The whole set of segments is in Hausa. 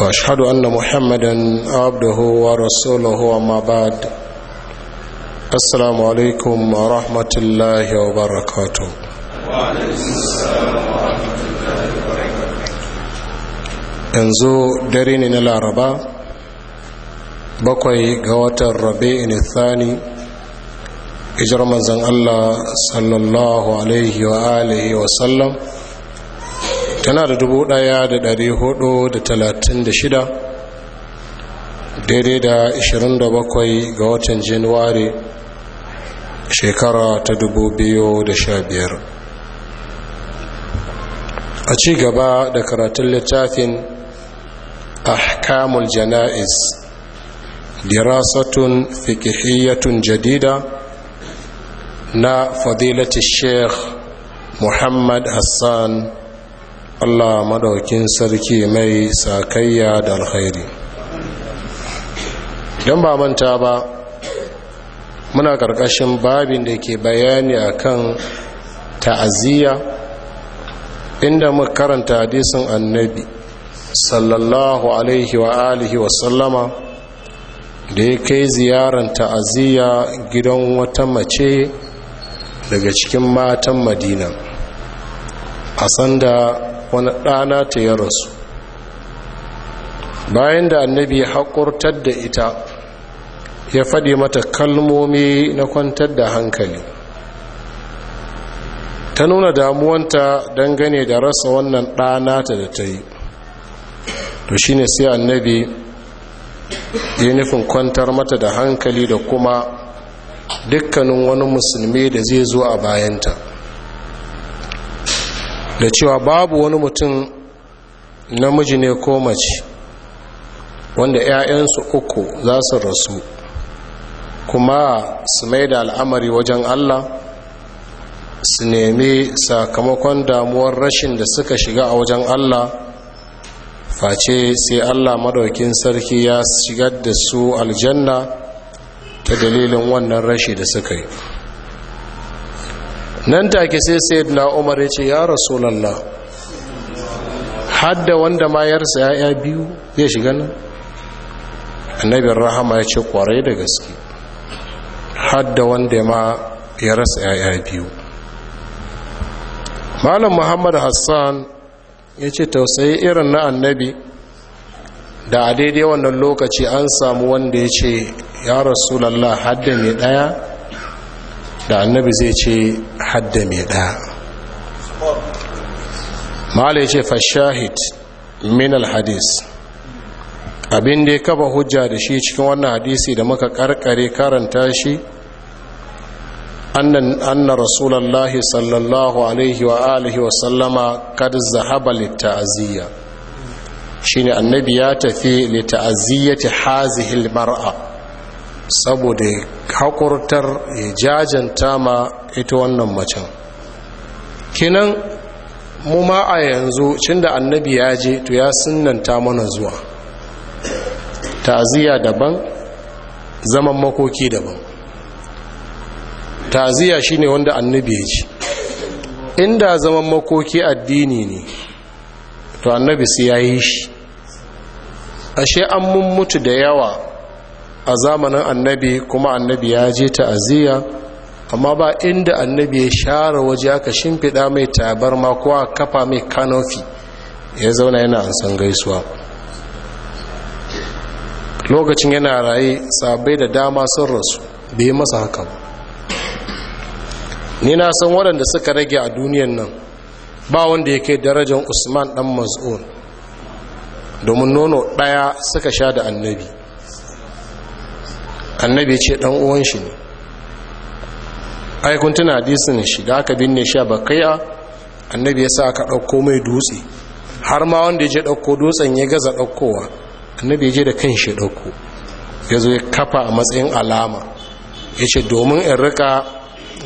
واشهد ان محمدا عبده ورسوله وما بعد السلام عليكم ورحمه الله وبركاته yanzu dare ne na laraba bakwai ga watan rabe ne thani ijar manzan allah sallallahu alaihi wa alihi tana da dubu da dari hudu da talatin da shida daidai da ashirin da bakwai ga watan januwari shekara ta dubu biyu da sha biyar a ci gaba da karatun littafin ahkamul jana'iz dirasatun fikihiyyatun jadida na fadilatun sheikh muhammad hassan Allah madaukin sarki mai sakayya da alkhairi don ba manta ba muna ƙarƙashin babin da ke bayani akan ta'aziyya inda muka karanta hadisin annabi sallallahu alaihi wa alihi wa sallama da ya kai ziyarar ta'aziyya gidan wata mace daga cikin matan madina a sanda wani ɗana ta ya rasu bayan da annabi ya haƙurtar da ita ya faɗi mata kalmomi na kwantar da hankali ta nuna damuwanta dangane da rasa wannan ɗana ta da ta yi to shine sai annabi ya nufin kwantar mata da hankali da kuma dukkanin wani musulmi da zai zo a bayanta da cewa babu wani mutum namiji ne ko mace wanda 'ya'yansu uku za su rasu kuma su mai da al'amari wajen allah su nemi sakamakon damuwar rashin da suka shiga a wajen allah face sai allah madaukin sarki ya shigar da su aljanna ta dalilin wannan rashi da suka yi nan take sai sayyid na umar ya ce ya rasulallah hadda wanda mayarsa ya'ya biyu ya shiga nan annabin rahama ya ce kwarai da gaske hadda wanda ma ya rasa ya'ya biyu malam muhammad hassan ya ce tausayi irin na annabi da a daidai wannan lokaci an samu wanda ya ce ya rasulallah hadda mai daya da annabi zai ce hadda mai ɗaya mala ya ce fashahid min hadis. abin da ya kaba hujja da shi cikin wannan hadisi da muka karkare karanta shi anna rasulallahi sallallahu alaihi wa alihi wa sallama kad zahaba litta'aziyya shine annabi ya tafi litta'aziyyati hazihil mar'a saboda ya haƙurtar ya jajanta ma ita wannan macen kinan mu ma a yanzu cin da annabi ya je to ya sunanta mana zuwa taziya daban zaman makoki daban taziya shine wanda annabi ya ji inda zaman makoki addini ne to annabi sai ya yi shi ashe an mun mutu da yawa a zamanin annabi kuma annabi ya je ta'aziyya amma ba inda annabi ya share waje aka shimfiɗa mai tabarma ko kafa mai kanofi ya zauna yana ansan gaisuwa lokacin yana raye sabai da dama sun rasu bai masa haka ba ni na san waɗanda suka rage a duniyan nan ba wanda ya kai darajar usman ɗan mas'ud domin nono ɗaya suka sha da annabi annabi ya ce dan uwan shi ne ai kun tuna hadisin shi da aka binne shi a bakaiya annabi ya sa aka dauko mai dutse har ma wanda ya je dauko dutsen ya gaza daukowa annabi ya je da kan shi dauko ya zo ya kafa a matsayin alama ya ce domin in rika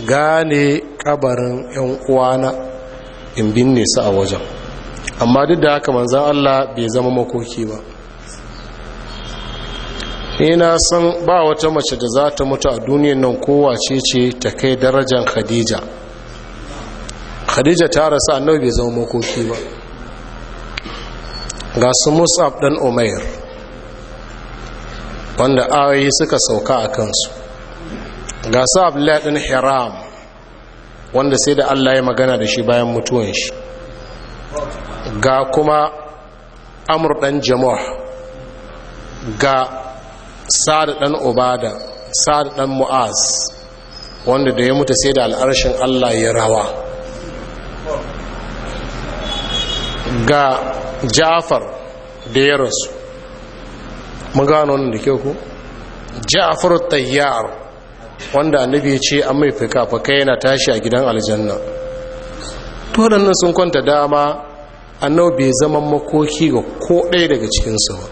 gane kabarin 'yan uwana in binne su a wajen amma duk da haka manzan Allah bai zama makoki ba ina san ba wata mace da za ta mutu a duniyan nan kowace ce ta kai darajar khadija khadija ta rasa annabi bai zama makoki ba ga su musab dan umair wanda ayoyi suka sauka a kansu ga su abdullahi dan hiram wanda sai da allah ya magana da shi bayan mutuwan shi ga kuma amur dan jama'a ga sa'ad dan obada sa'ad dan mu'az wanda da ya mutu sai da al'arshin Allah ya rawa ga Ja'far da ya rasu mun gano wannan da kyau ku Ja'far tayyar wanda annabi ya ce an mai fikafikai yana tashi a gidan aljanna to waɗannan sun kwanta dama annabi bai zama makoki ga ko ɗaya daga cikinsu ba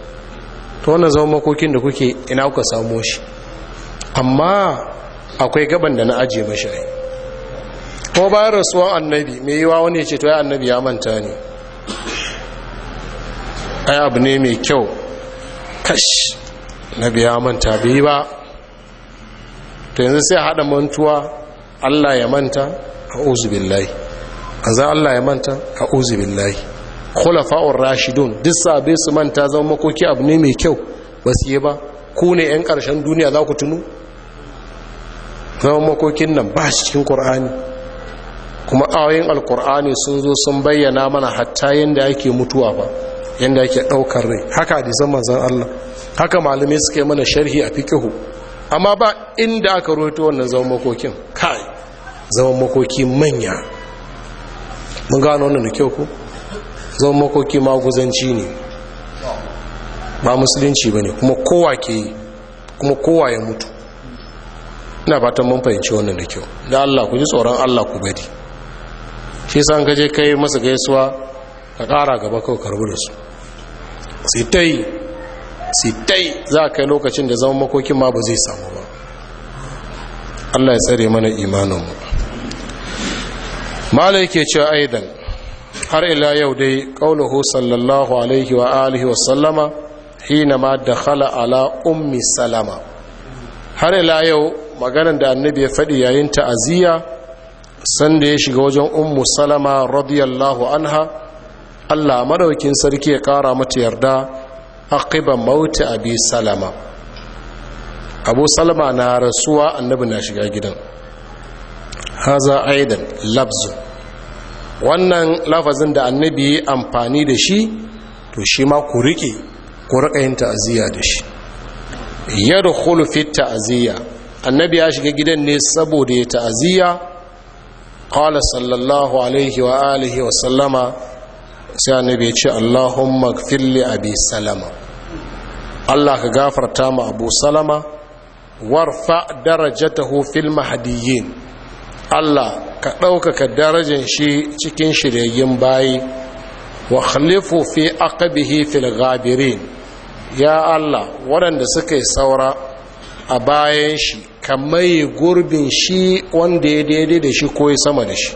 to wannan zama makokin da kuke ina kuka samo shi amma akwai gaban da na ajiye mashi ai ko bayan rasuwan annabi mai yiwa wani ya ce to ya annabi ya manta ne ai abu ne mai kyau kash annabi ya manta bai yi ba to yanzu sai haɗa mantuwa allah ya manta a uzu billahi a za allah ya manta a uzu khulafa'ur rashidun duk sabe su manta zama makoki abu ne mai kyau ba su yi ba ku ne yan karshen duniya za ku tunu zama makokin nan ba shi cikin qur'ani kuma ayoyin alqur'ani sun zo sun bayyana mana hatta yanda ake mutuwa ba yanda ake daukar rai haka hadisan zan Allah haka malamai suka yi mana sharhi a fiqhu amma ba inda aka roto wannan zaman makokin kai zaman makoki manya mun gano wannan da kyau ko zan makoki maguzanci ne ba musulunci ba ne kuma kowa ke yi kuma kowa ya mutu ina fatan mun fahimci wannan da kyau da allah ku ji tsoron allah ku bari shi san gaje kai masa gaisuwa ka kara gaba kawai karbu da su sitai sitai za kai lokacin da zama makokin ma ba zai samu ba allah ya tsare mana imanin mu. imaninmu mala yake cewa aidan har ila yau dai ƙaunahu sallallahu alaihi wa alihi wa sallama hina ma da khala ala ummi salama har ila yau maganar da annabi ya faɗi yayin ta'aziyya sanda ya shiga wajen ummu salama radiyallahu anha allah madaukin sarki ya ƙara mata yarda aqiba mauti abi salama abu salama na rasuwa annabi na shiga gidan haza aidan labzu wannan lafazin da annabi ya amfani da shi to shi ma ku riƙe ku riƙa yin ta'aziyya da shi yadkhulu fi ta'aziyya annabi ya shiga gidan ne saboda ya ta'aziyya qala sallallahu alaihi wa alihi wa sallama sai annabi ya ce allahumma ighfir li abi salama Allah ka gafarta ma abu salama warfa darajatahu fil mahdiyyin Allah ka ɗaukaka darajar shi cikin shiryayyen bayi wa khalifu fi aqabihi fil ya Allah waɗanda suka yi saura a bayan shi kamar gurbin shi wanda ya daidai da shi ko sama da shi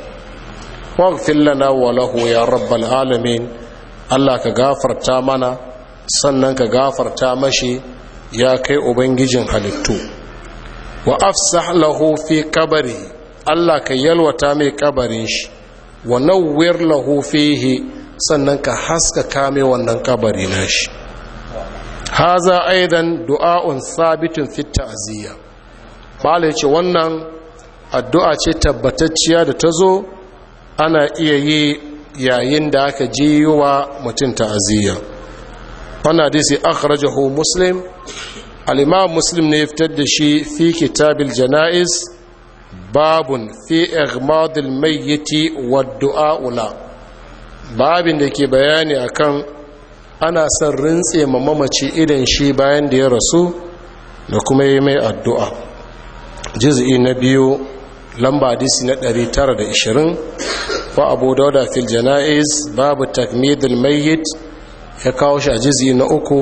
waghfir lana wa lahu ya rabbal alamin Allah ka gafarta mana sannan ka gafarta mashi ya kai ubangijin halittu wa afsah lahu fi kabari Allah ka yalwata mai kabarin shi wa nawwir lahu sannan ka haska kame wannan kabari na shi haza aidan du'a'un sabitun fi ta'ziya bala yace wannan addu'a ce tabbatacciya da ta zo ana iya yi yayin da aka ji wa mutum ta'aziyya wannan hadisi akhrajahu muslim al-imam muslim ne ya fitar da shi fi kitabil janaiz babun fi igmadil mayyiti wad du'aula babin da ke bayani akan ana son rintse ma mamaci idan shi bayan da ya rasu da kuma yi mai addu'a juz'i na biyu lamba hadisi na 920 fa abu dauda fil jana'iz babu takmidil mayyit ya kawo shi a juz'i na uku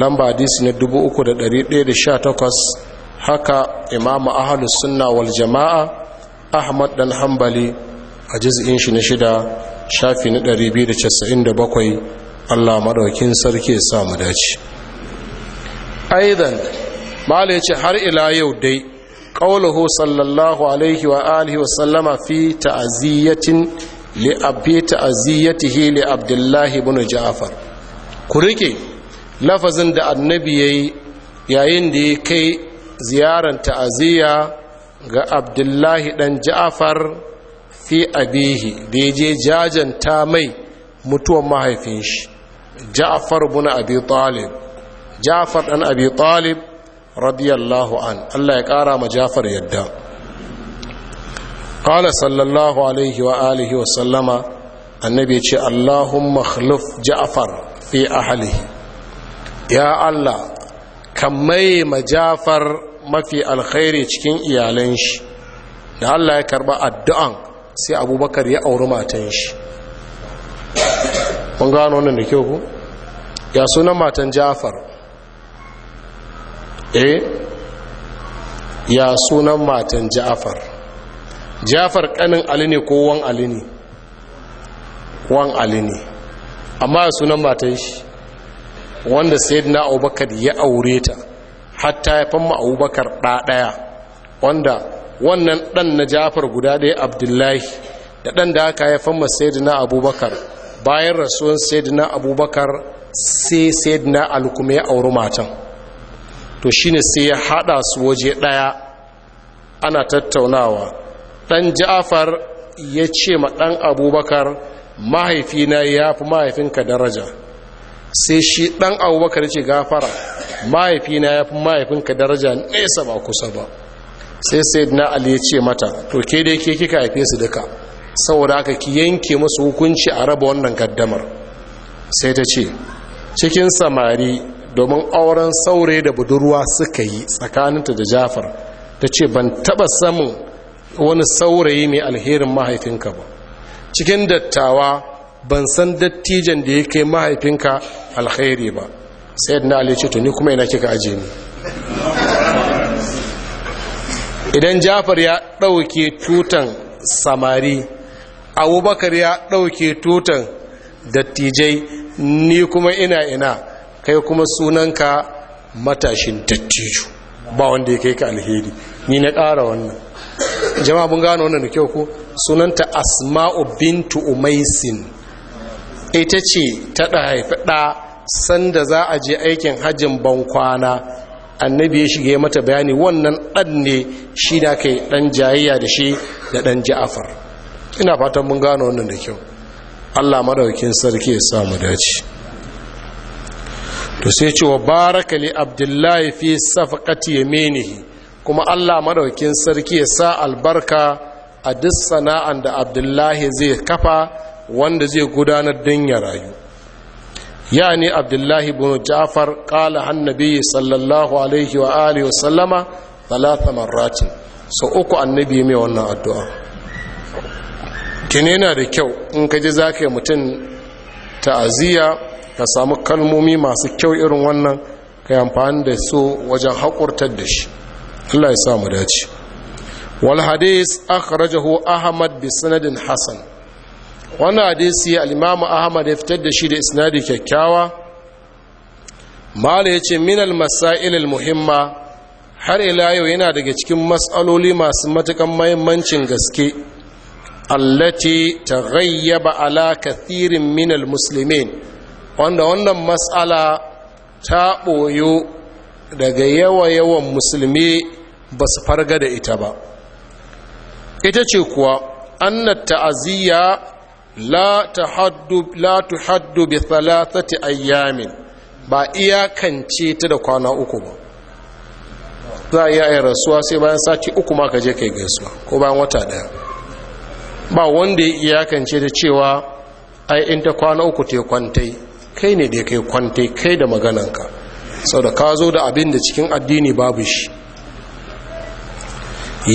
lamba hadisi na 3118 haka imamu ahalus sunna wal jama'a ahmad dan hambali a jiz'in shi na shida shafi na 297 allah maɗaukin sarki ya mu dace aidan malai ce har ila yau dai ƙaunahu sallallahu alaihi wa alihi wa sallama fi ta'aziyyatin li'abbi ta'aziyyatihi li abdullahi ibn ja'far ku rike lafazin da annabi yayi yayin da ya kai ziyaran ta'aziyya ga abdullahi dan ja'afar fi abihi da ya je jajanta mai mutuwan mahaifin shi ja'afar bin abi talib ja'afar dan abi talib radiyallahu an Allah ya kara ma Jafar yadda Kala sallallahu alaihi wa alihi wa sallama annabi ce allahumma khluf ja'afar fi ahlihi ya Allah kamai majafar mafi alkhairi cikin iyalan shi da Allah ya karba addu'an sai abubakar ya auri matan shi kun gano wannan da kyau ku ya sunan matan jafar eh ya sunan matan jafar jafar kanin ali ne ko wan ali ne wan ali ne amma sunan matan shi wanda sayyidina abubakar ya aure ta hatta ya fama abubakar ɗaɗaya ɗaya wanda wannan ɗan na jafar guda ɗaya abdullahi da ɗan da aka ya fama sayyidina abubakar bayan rasuwan sayyidina abubakar sai sayyidina alkuma ya auri matan to shine sai ya haɗa su waje ɗaya ana tattaunawa ɗan Jafar ya ce ma ɗan abubakar mahaifina ya fi mahaifinka daraja sai shi ɗan abubakar ce gafara mahaifina ya fi mahaifinka daraja nesa ba kusa ba sai sai ali ya ce mata to ke dai ke kika haife su duka saboda aka ki yanke musu hukunci a raba wannan gaddamar sai ta ce cikin samari domin auren saurayi da budurwa suka yi tsakaninta da jafar ta ce ban taba samun wani saurayi mai alherin mahaifinka ba cikin dattawa ban san dattijan da ya mahaifinka alkhairi ba sai na ali ce ni kuma ina kika aje ni idan jafar ya ɗauke tutan samari abubakar ya ɗauke tutan dattijai ni kuma ina ina kai kuma sunanka matashin dattijo ba wanda ya kai ka alheri ni na ƙara wannan jama'a mun gano wannan da kyau ko sunanta asma'u bintu umaisin ita ce ta haifi ɗa sanda za a je aikin hajjin bankwana annabi ya shiga mata bayani wannan ɗan ne shi na kai ɗan jayayya da shi da ɗan ja'afar ina fatan mun gano wannan da kyau allah maɗaukin sarki ya samu dace to sai ce wa baraka li abdullahi fi safaqati yaminihi kuma allah maɗaukin sarki ya sa albarka a duk sana'an da abdullahi zai kafa wanda zai gudanar don ya rayu ya ne abdullahi bin ja'far kala hannabi sallallahu alaihi wa alihi wasallama talata marratin sau uku annabi mai wannan addu'a yana da kyau in ka ji za ka yi mutum ta'aziyya ka samu kalmomi masu kyau irin wannan ka yi amfani da su wajen haƙurtar da shi Allah ya samu dace wal hadis akhrajahu ahmad bi sanadin hasan wannan hadisi al ahmad ya fitar da shi da isnadi kyakkyawa mala ya ce minal masail muhimma har ila yau yana daga cikin matsaloli masu matukan mahimmancin gaske allati taghayyaba ala kathirin minal muslimin wanda wannan matsala ta ɓoyo daga yawa-yawan musulmi ba su farga da ita ba ita ce kuwa annat ta'aziyya la tuhaddu bi thalathati ayyamin ba iyakance ta da kwana uku ba za a iya rasuwa sai bayan sati uku ma ka je kai gaisuwa ko bayan wata daya ba wanda ya iyakance da cewa ai in ta kwana uku te kwantai kai ne da kai kwantai kai da magananka sau da ka zo da abin da cikin addini babu shi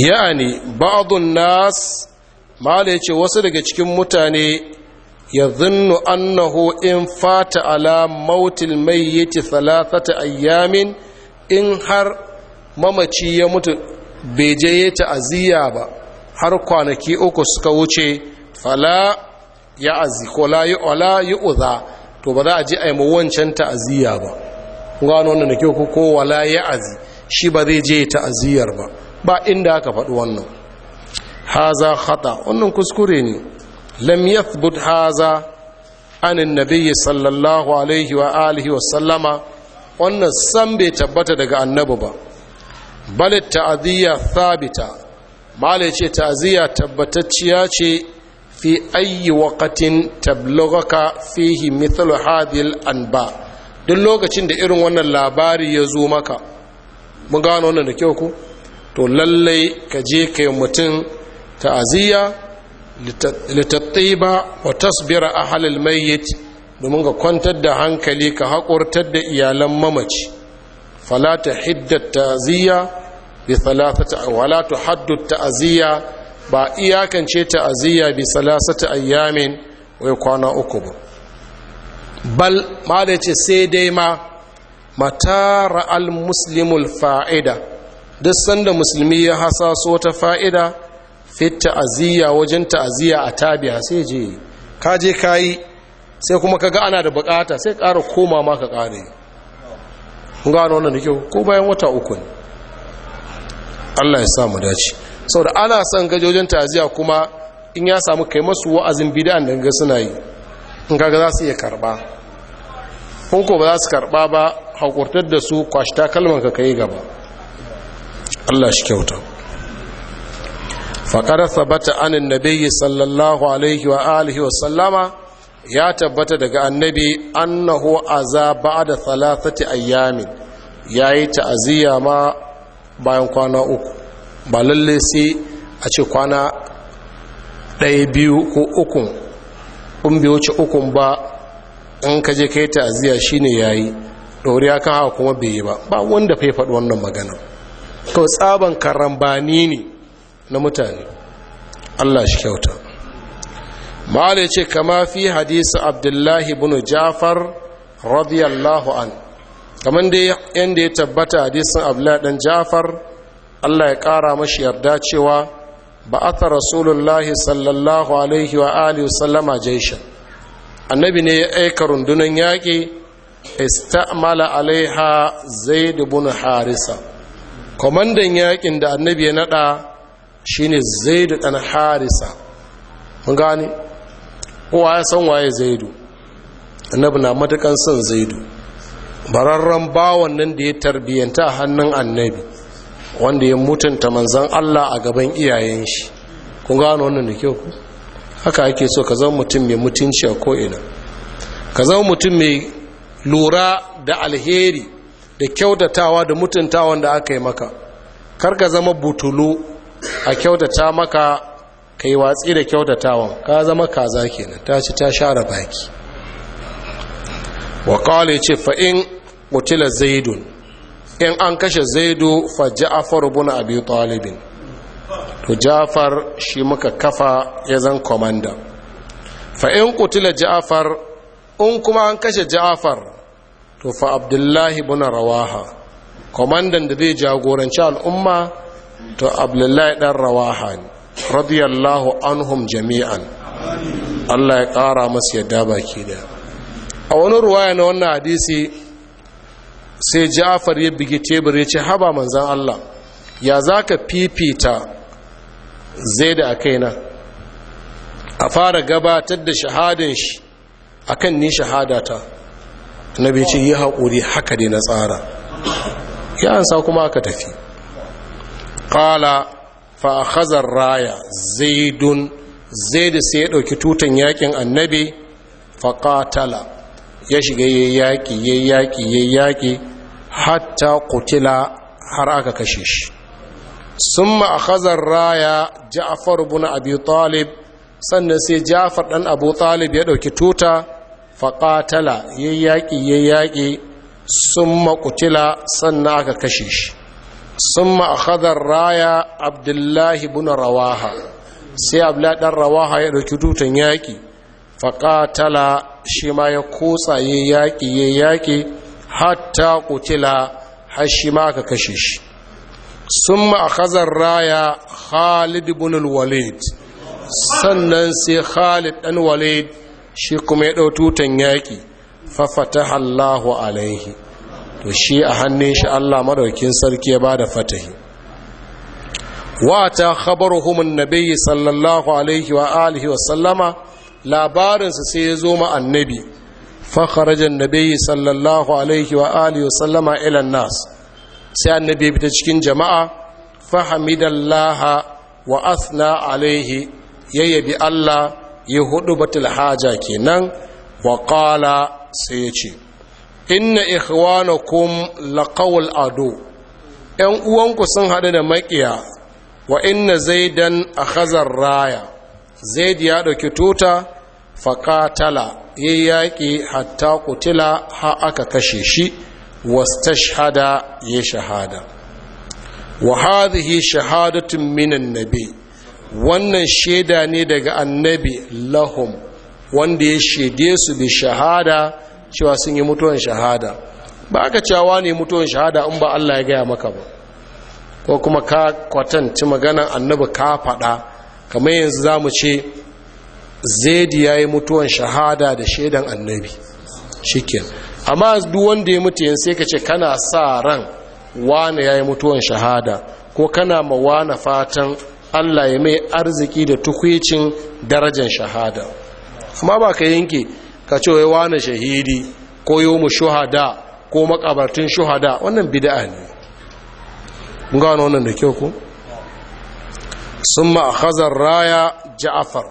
ya'ani ba'adun nas mala ya ce wasu daga cikin mutane ya zinnu annahu in fata ala mautil salasa ta ayyamin in har mamaci ya mutu bai je ya ta'aziyya ba har kwanaki uku suka wuce fala ya azi ko yi ola yi uza to ba za a je a yi wancan ta'aziyya ba gano wannan da ke ko wala ya azi shi ba zai je ta'aziyyar ba ba inda aka faɗi wannan haza khata wannan kuskure ne lam yathbut haza anin nabiyyi sallallahu alaihi wa alihi wa sallama wannan san bai tabbata daga annabi ba bal ta'ziya thabita mala ce ta'ziya tabbatacciya ce fi ayyi waqatin tablughaka fihi mithlu hadhihi anba duk lokacin da irin wannan labari ya zo maka mun gano wannan da kyau ku to lallai ka je kai mutum ta'aziyya litattiba wa tasbira ahlal mayyit domin ka kwantar da hankali ka haƙurtar da iyalan mamaci fala ta hidda ta'aziyya bi thalathati wala tuhaddu ta'aziyya ba iyakance ta'aziyya bi thalathati ayyamin wa kwana uku ba bal ma da ce sai dai ma matara al-muslimul fa'ida duk sanda musulmi ya hasaso ta fa'ida fit ta'aziyya wajen ta'aziyya a tabiya sai je ka je kayi sai kuma kaga ana da bukata sai ƙara koma ma ka ƙare Mun gano wannan da kyau ko bayan wata uku ne Allah ya sa mu dace saboda ana son gaje wajen ta'aziyya kuma in ya samu kai masu wa'azin bid'an da ga suna yi in kaga za su iya karba kun ko ba za su karba ba hakurtar da su kwashi takalman ka kai gaba Allah shi kyauta faƙar sabata anin nabi sallallahu alaihi wa alihi wa sallama ya tabbata daga annabi annahu aza da thalathati ayyamin yayi ta'aziyya ma bayan kwana uku ba lalle sai a ce kwana ɗaya biyu ko uku kun bai ci ukun ba in ka je kai ta'aziyya shine yayi doriya kan haka kuma bai yi ba ba wanda fai faɗi wannan magana kawai tsaban karambani ne na mutane Allah shi kyauta ma'ala ce kama fi hadisi abdullahi bin jafar radiyallahu an kamar yadda ya tabbata hadisin abdullahi dan jafar Allah ya ƙara mashi yarda cewa Ba'asa rasulullahi sallallahu alaihi wa alihi sallama jaishan annabi ne ya aika rundunan yaƙi istamala alaiha zaid bin harisa kwamandan yaƙin da annabi ya naɗa shine zaidu dan harisa mun gane kowa ya san waye zaidu annabi na matakan son zaidu bararren bawan nan da ya tarbiyyanta hannun annabi wanda ya mutunta manzan Allah a gaban iyayen shi kun gano wannan da kyau haka ake so ka zama mutum mai mutunci a ko'ina ka zama mutum mai lura da alheri da kyautatawa da mutuntawa da aka yi maka kar ka zama butulu a kyautata maka ka yi watsi da kyautatawan ka zama kaza kenan ta ci ta share baki wa kawai ce fa'in mutila zaidun in an kashe zaidu fa ja'afar buna abi talibin to ja'afar shi muka kafa ya zan komanda fa'in kutila ja'afar in kuma an kashe ja'afar to fa abdullahi buna rawaha komandan da zai jagoranci al'umma to abdullahi dan rawaha ne radiyallahu anhum jami'an Allah ya ƙara masa yadda baki da a wani ruwaya na wannan hadisi sai jafar ya bige tebur ya ce haba manzan Allah ya zaka fifita zai da a kaina a fara gabatar da shahadin shi a kan ni shahadata na bai ce yi haƙuri haka dai na tsara ya ansa kuma aka tafi qala fa akhadha raya zaidun zaid sai ya dauki tutan yaƙin annabi fa qatala ya shiga yayi yaki yayi hatta qutila har aka kashe shi summa akhadha raya ja'far ibn abi talib sannan sai ja'far dan abu talib ya ɗauki tuta fa qatala yayi yaki yayi yaki summa qutila sannan aka kashe shi sun ma'akadar raya abdullahi buna rawaha sai abladar rawaha ya ɗauki dutan yaƙi faƙatala shi ma ya kotsa ya yaƙi yaƙi hatta kutila har shi ma aka kashe shi sun ma'akadar raya khalid bunul walid sannan sai khalid ɗan walid shi kuma ya ɗauki dutan yaƙi fafata hallahu alaihi to shi a hannun shi Allah madaukin sarki ya ba da fatahi wata khabaruhum annabi sallallahu alaihi wa alihi wa sallama labarinsa sai ya zo ma annabi fa kharaja annabi sallallahu alaihi wa alihi wa sallama ila nas sai annabi ta cikin jama'a fa hamidallaha wa athna alaihi yayyabi Allah ya huɗu batul haja kenan wa qala sai ya ce inna ikhwanakum laqawul ado ‘yan uwanku sun haɗu da maƙiya wa inna zaidan a hazar raya zaid ya ɗauki tuta faƙatala ya yaƙi hatta kutila ha aka kashe shi wastashhada ya shahada wa hadhihi shahadatun minan nabi wannan shaida ne daga annabi lahum wanda ya shaide su bi shahada cewa sun yi mutuwan shahada ba ka cewa ne mutuwan shahada in ba Allah ya gaya maka ba ko kuma ka kwatanci maganan annabi ka faɗa kamar yanzu za mu ce zaidi ya yi mutuwan shahada da shaidan annabi shikin amma duk wanda ya mutu yanzu sai ka ce kana sa ran wane ya yi mutuwan shahada ko kana ma wane fatan Allah ya mai arziki da tukwicin darajar shahada amma ba ka yanke ka ce wai wani shahidi ko yi mu shuhada ko makabartun shuhada wannan bida'a ne ga gano wannan da kyau ku? sun ma'akazar raya ja'afar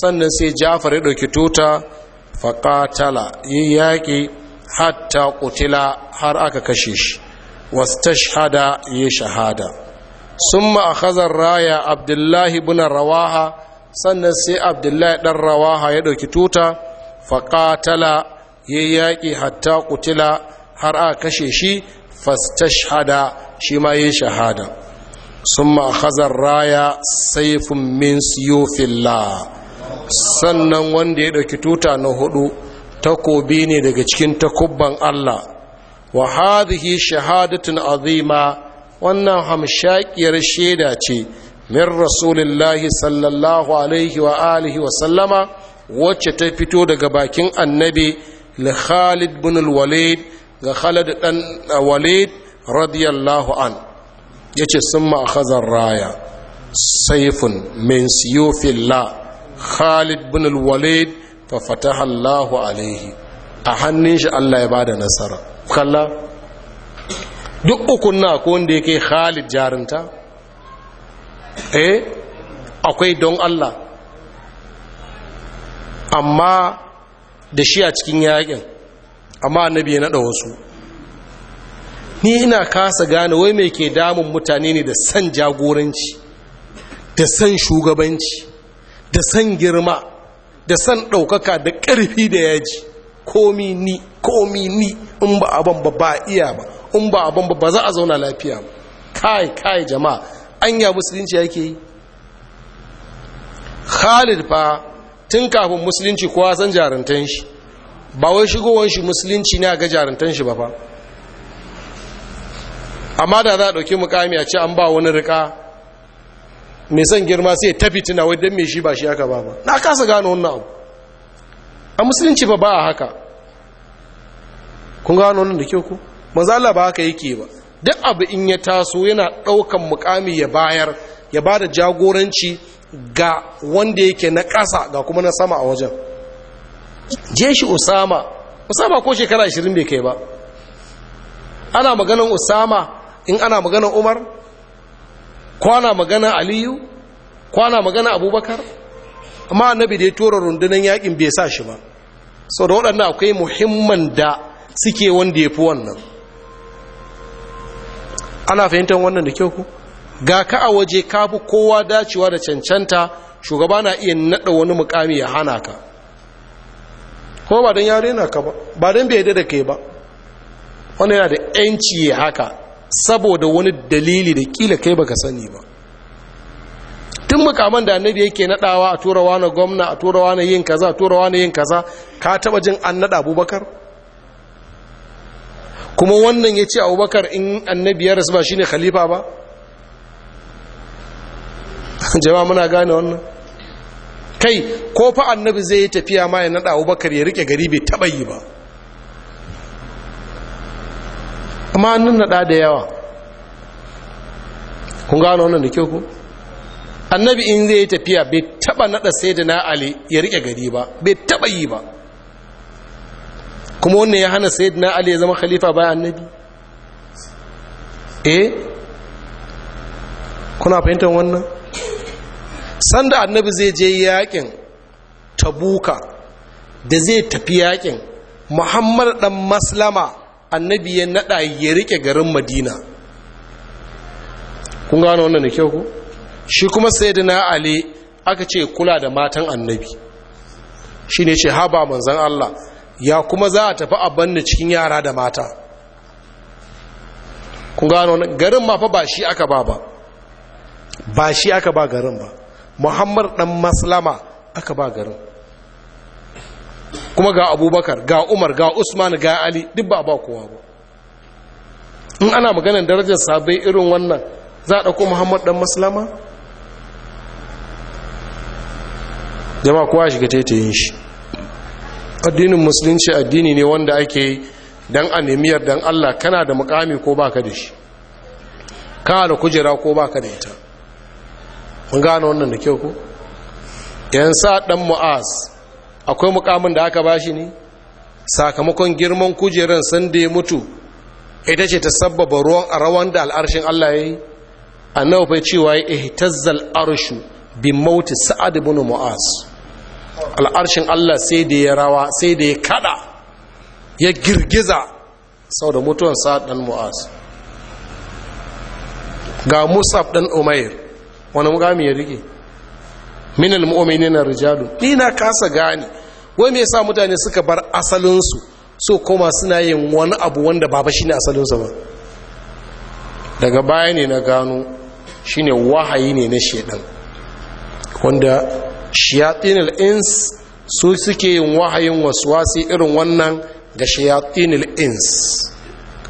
sannan sai ja'afar ya ɗauki tuta faƙatala yi yaƙi hatta ƙutila har aka kashe shi wasu shahada ya shahada sun ma'akazar raya abdullahi Buna rawaha sannan sai abdullahi ɗan rawaha ya ɗauki tuta faƙatala ya yaƙi hatta kutila har a kashe shi fastashhada shi ma yi shahada sun ma'akazar raya saifin min siyofilla sannan wanda ya ɗauki tuta na hudu takobi ne daga cikin takubban Allah wa hadhihi shahadatun azima wannan hamshakiyar shaida ce min rasulillahi sallallahu alaihi wa alihi wa sallama wacce ta fito daga bakin annabi li khalid bin walid ga khalid dan walid radiyallahu an yace summa akhazar raya sayfun min siyufillah khalid bin walid fa fataha Allah alaihi a hannun shi Allah ya bada nasara kalla duk ukun na ko wanda yake khalid jarinta eh akwai don Allah amma da shi a cikin yakin amma na ya naɗa wasu ni ina kasa gane wai mai ke damun mutane ne da san jagoranci da san shugabanci da san girma da san ɗaukaka da ƙarfi da yaji komi ni komi ni in ba abin ba ba iya ba in ba abin ba ba za a zauna lafiya ba kai kai jama'a an ya musulunci yake yi khalid fa tun kafin musulunci kowa san jarantan shi ba wai shigowar shi musulunci ne ga jarantan shi ba fa amma da za a ɗauki mukami a ce an ba wani rika mai son girma sai ta fitina wai don mai shi ba shi aka ba ba na kasa gano wannan abu a musulunci ba ba a haka kun gano wannan da kyau ku mazala ba haka yake ba duk abu in ya taso yana ɗaukan mukami ya bayar ya ba da jagoranci ga wanda yake na ƙasa ga kuma na sama a wajen Jeshi usama usama ko shekara 20 bai kai ba ana maganin usama in ana maganin umar kwana maganin aliyu kwana maganin abubakar amma annabi da ya tura rundunar yakin bai sa shi ba sau da waɗanda akwai muhimman da suke wanda ya fi wannan ana fahimtar wannan da kyau ku ga ka a waje ka fi kowa dacewa da cancanta shugaba na iya naɗa wani mukami ya hana ka kuma ba don yare na ka ba ba don bai da kai ba wani yana da yanci ya haka saboda wani dalili da kila kai baka sani ba tun mukaman da annabi yake naɗawa a turawa na gwamna a turawa na yin kaza a turawa na yin kaza ka taba jin an nada abubakar kuma wannan ya ce abubakar in annabi ya rasu ba shine khalifa ba jama'a muna gane wannan kai ko fa annabi zai yi tafiya ma ya nada abubakar ya rike gari bai taba yi ba amma an nan nada da yawa kun gane wannan da kyau ku annabi in zai yi tafiya bai taba nada sai da na ali ya rike gari ba bai taba yi ba kuma wannan ya hana sai na ali ya zama khalifa bayan annabi eh kuna fahimtar wannan sanda annabi zai je yakin tabuka da zai tafi yakin muhammad dan maslama annabi ya nada ya rike garin madina kun gano wannan da kyau ku shi kuma sayyidina ali aka ce kula da matan annabi shi ne ce haba manzan allah ya kuma za a tafi a banna cikin yara da mata kun gano garin ma fa ba shi aka ba ba ba shi aka ba garin ba muhammad dan maslama aka ba garin kuma ga abubakar ga umar ga usman ga ali duk ba ba kowa ba in ana maganar darajar sabai irin wannan za a ɗauko muhammad dan maslama jama kowa shiga taitayin shi addinin musulunci addini ne wanda ake dan anemiyar dan allah kana da mukami ko baka da shi kana da kujera ko baka da ita mun gane wannan da kyau ku yansa dan mu'az akwai mukamin da aka bashi ne sakamakon girman kujeran san da ya mutu ita ce ta sabbaba ruwan a rawan da al'arshin Allah ya yi annabi fa cewa ya ihtazzal arshu bi mauti sa'ad ibn mu'az al'arshin Allah sai da ya rawa sai da ya kada ya girgiza sau da mutuwan sa'ad dan mu'az ga musab dan umair wani mukami ya rike minal mu'minina rijalu ni na kasa gane wai me yasa mutane suka bar asalinsu? su so koma suna yin wani abu wanda ba shine asalin sa ba daga baya ne na gano shine wahayi ne na shedan wanda shayatinul ins su suke yin wahayin waswasi irin wannan ga shayatinul ins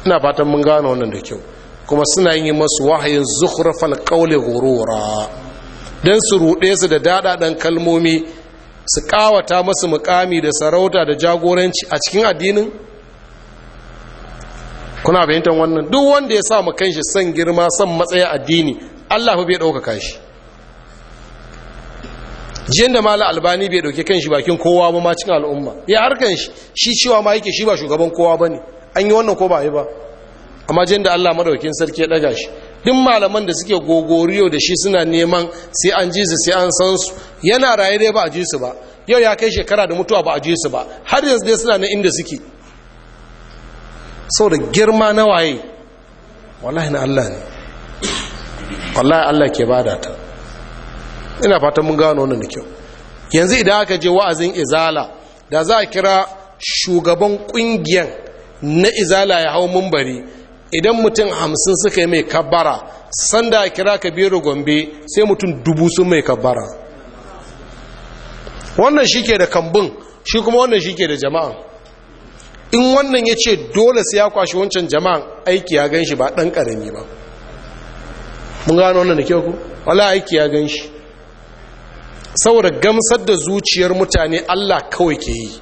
ina fatan mun gano wannan da kyau kuma suna yin masu wahayin zukhrafal qawli ghurura dan su ruɗe su da daɗaɗan kalmomi su ƙawata masu mukami da sarauta da jagoranci a cikin addinin kuna fahimtar wannan duk wanda ya sa mu kanshi son girma son matsaya addini Allah bai ɗaukaka shi jiyan da mala albani bai ɗauke kanshi bakin kowa ba ma cikin al'umma ya harkan shi shi cewa ma yake shi ba shugaban kowa ba ne an yi wannan ko ba yi ba amma jin da Allah madaukin sarki ya daga shi duk malaman da suke gogoriyo da shi suna neman sai an ji su sai an san su yana raye dai ba a ji su ba yau ya kai shekara da mutuwa ba a ji su ba har yanzu dai suna na inda suke da girma na waye wallahi na Allah ne wallahi Allah ke bada ta ina fatan mun gano wannan da kyau yanzu idan aka je wa'azin izala da za a kira shugaban kungiyan na izala ya hau mumbari idan mutum hamsin suka yi mai kabbara sanda a kira kabiru gombe sai mutum dubu sun mai kabbara wannan shi da kambun shi kuma wannan shi da jama'a in wannan ya ce dole sai ya kwashi wancan jama'an aiki ya gan shi ba ɗan ƙarami ba mun gano wannan da kyau ku wala aiki ya gan shi saboda gamsar da zuciyar mutane allah kawai ke yi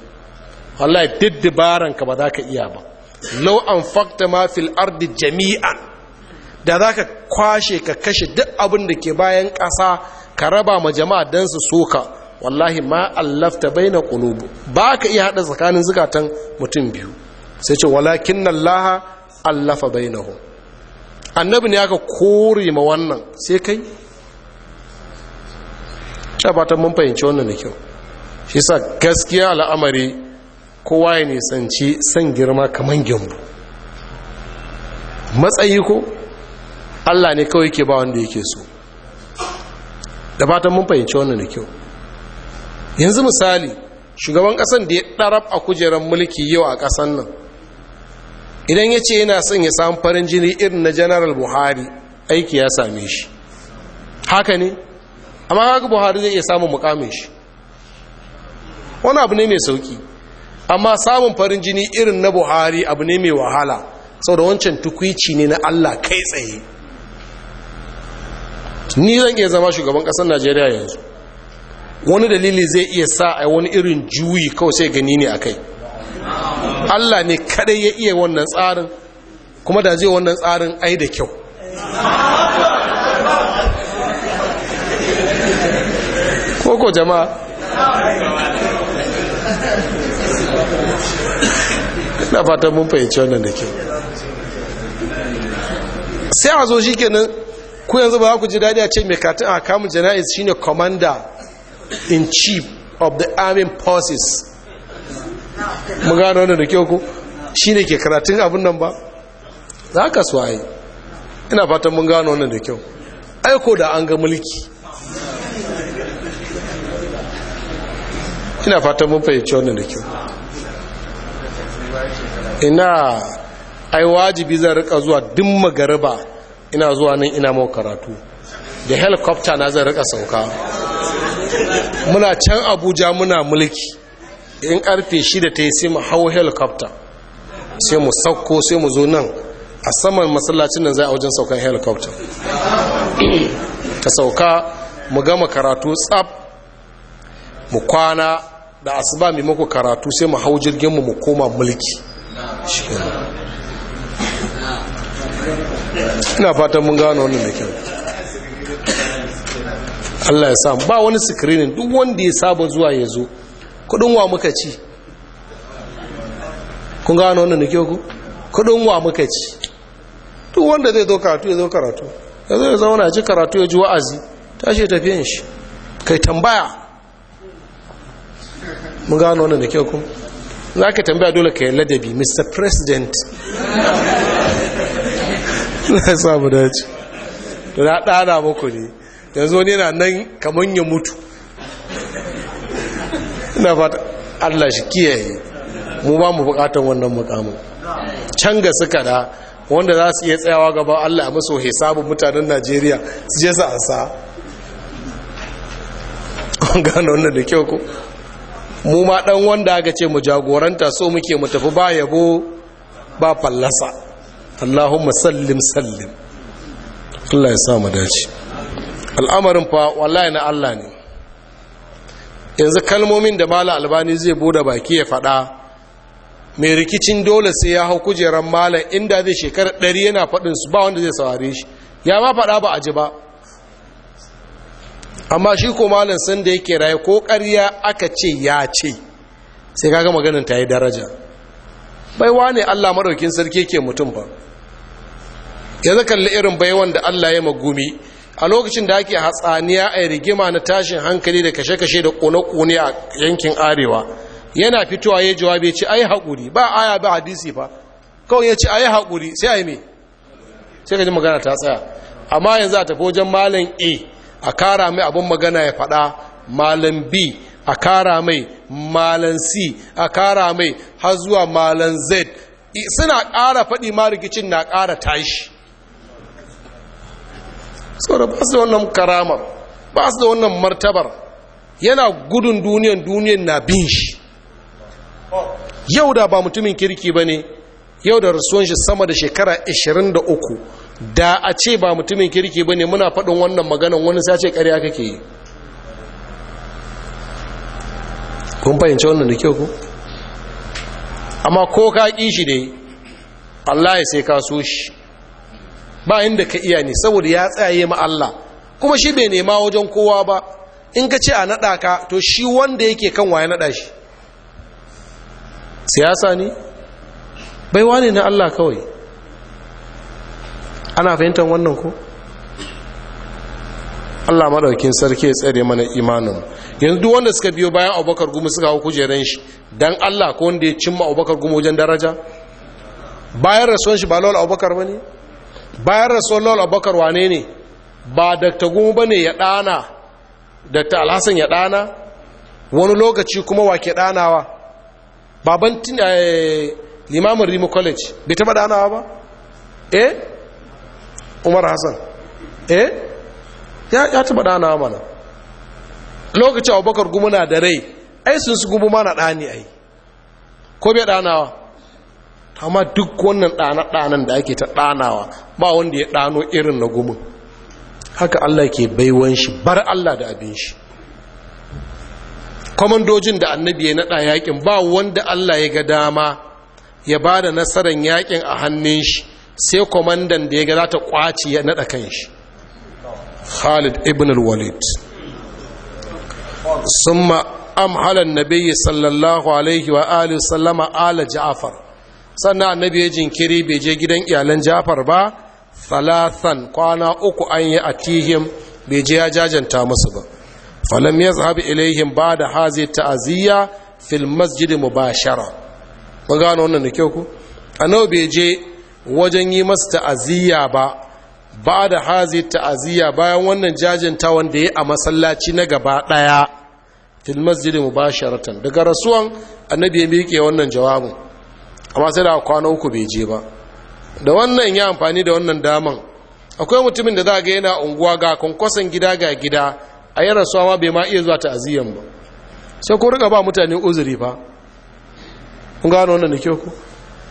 wala duk dabaranka ba za ka iya ba law fakta ma fil ardi jami'an da ka kwashe ka kashe duk abin da ke bayan kasa ka raba ma jama'a dan su soka wallahi ma allafta baina qulubu ba ka iya hada tsakanin zukatan mutum biyu sai ce walakin allaha allafa bainahum annabi ne aka kore ma wannan sai kai ta fatan mun fahimci wannan da kyau shi sa gaskiya al'amari kowa ya nisanci san girma kaman gyambu matsayi ko allah ne kawai ke ba wanda yake so da fatan mun fahimci wannan da kyau yanzu misali shugaban kasan da ya ɗarab a kujerar mulki yau a kasan nan idan ya ce yana son ya samu farin jini irin na janaral buhari aiki ya same shi haka ne amma haka buhari zai iya samun mukamin shi wani abu ne mai sauki amma samun farin jini irin na buhari abu ne mai wahala sau da wancan tukwici ne na allah kai tsaye ni zan iya zama shugaban ƙasar najeriya yanzu wani dalili zai iya sa a wani irin juyi kawai sai gani ne a kai allah ne kadai ya iya wannan tsarin kuma da zai wannan tsarin ai da kyau koko jama'a ina fatan mun fahimci wannan da kyau sai a zo shi kenan ku yanzu ba ku ji daɗi a ce mai katin a kamun jana'iz shine commander in chief of the army forces mun gano wannan da kyau ko shine ke karatun abin nan ba za ka su waye ina fatan mun gano wannan da kyau aiko da an ga mulki ina fatan mun fahimci wannan da kyau ina ai wajibi zan rika zuwa duk magariba ina zuwa nan ina mau karatu da helicopter na zan rika sauka muna can abuja muna mulki in karfe shida ta yi sai mu hau helicopter sai mu sauko sai mu zo nan a saman masallacin nan zai a wajen saukan helicopter ta sauka mu gama karatu tsab mu kwana da asuba maimako karatu sai mu hau jirgin mu mu koma mulki ina fatan mun gano wannan da kyau Allah ya samu ba wani screening duk wanda ya saba zuwa ya zo kudin wa muka ci kun gano wannan da kyau ku kudin wa muka ci duk wanda zai zo karatu ya zo karatu ya zo ya zauna ci karatu ya ji wa'azi tashi tafiyan shi kai tambaya mun gano wannan da kyau kuma za ka tambaya dole ka yi ladabi mr president na samu daji to na ɗana muku ne yanzu wani yana nan kamar ya mutu Na fata allah shi kiyaye mu ba mu bukatar wannan mukamin can ga suka da wanda za su iya tsayawa gaban allah a maso hesabin mutanen najeriya su je su ansa gano wannan da kyau ko mu ma dan wanda aka ce mu jagoranta so muke mu tafi ba yabo ba fallasa Allahumma sallim sallim Allah ya sa mu dace al'amarin fa wallahi na Allah ne yanzu kalmomin da mala albani zai bude baki ya faɗa mai rikicin dole sai ya hau kujeran mala inda zai shekara ɗari yana faɗin su ba wanda zai saurare shi ya ma faɗa ba a ji ba amma shi ko malam sanda yake raye ko karya aka ce ya ce sai kaga maganin ta yi daraja baiwa ne Allah maraukin sarki ke mutum ba yanzu kalli irin baiwan da Allah ya magumi a lokacin da ake hatsaniya a rigima na tashin hankali da kashe-kashe da kone-kone a yankin arewa yana fitowa ya jawabi ce ai haƙuri ba aya ba hadisi ba kawai ya ce ai haƙuri sai a yi me sai ka ji magana ta tsaya amma yanzu a tafi wajen malam a a kara mai abin magana ya faɗa malam b a kara mai malam c a kara mai har zuwa malam z suna ƙara faɗi ma rikicin na ƙara tashi saboda ba su da wannan karamar ba su da wannan martabar yana gudun duniyan duniyan na bin shi yau da ba mutumin kirki ba ne yau da rasuwan shi sama da shekara 23 da a ce ba mutumin kirki ba ne muna faɗin wannan maganan wani sace ƙarya kake yi kun fahimci wannan da kyau ku amma ko ka ƙi shi dai Allah ya sai ka so shi ba inda ka iya ne saboda ya tsaye ma Allah kuma shi bai nema wajen kowa ba in ka ce a naɗa ka to shi wanda yake kan waya naɗa shi siyasa ne baiwa ne na Allah kawai ana fahimtar wannan ko Allah madaukin sarki ya tsare mana imanin yanzu wanda suka biyo bayan abubakar gumi suka hau kujeran shi dan Allah ko wanda ya cimma abubakar gumi wajen daraja bayan rasuwan shi ba lawal abubakar ba ne bayan rasuwan lawal abubakar wane ne ba dakta Gumi ba ne ya ɗana dakta alhassan ya ɗana wani lokaci kuma wa ke ɗanawa baban eh, limamin rimo college bai taɓa ɗanawa ba eh umar hassan eh ya taba ɗana mana Lokaci abubakar gumu na da rai ai sun su gumu mana ɗani ai ko bai ɗanawa amma duk wannan ɗana danan da ake ta ɗanawa ba wanda ya ɗano irin na gumun haka allah ke baiwan shi bar allah da abin shi kwamandojin da annabi ya naɗa yakin ba wanda allah ya ga dama ya ba da nasarar yakin a hannun shi sai kwamandan da ya ga za ta kwaci ya naɗa kan shi khalid ibn al-walid sun na nabi sallallahu alaihi wa alihi sallama ala ja'afar sannan annabi ya jinkiri bai je gidan iyalan ja'afar ba thalathan kwana uku an yi atihim bai je ya jajanta musu ba falam ya zahabi ilaihim ba da hazi ta'aziyya fil masjid mubashara mun gano wannan da kyau ku annabi bai je wajen yi masa ta'aziyya ba ba da hazi ta'aziyya bayan wannan jajintawan da ya a masallaci na gaba ɗaya fil masjidi mubasharatan daga rasuwan annabi ya miƙe wannan jawabin amma sai da kwana uku bai je ba da wannan ya amfani da wannan daman akwai mutumin da za ga yana unguwa ga kwankwason gida ga gida a yi rasuwa ma bai ma iya zuwa ta'aziyyan ba sai ko rika ba mutane uzuri ba kun gano wannan da kyau ku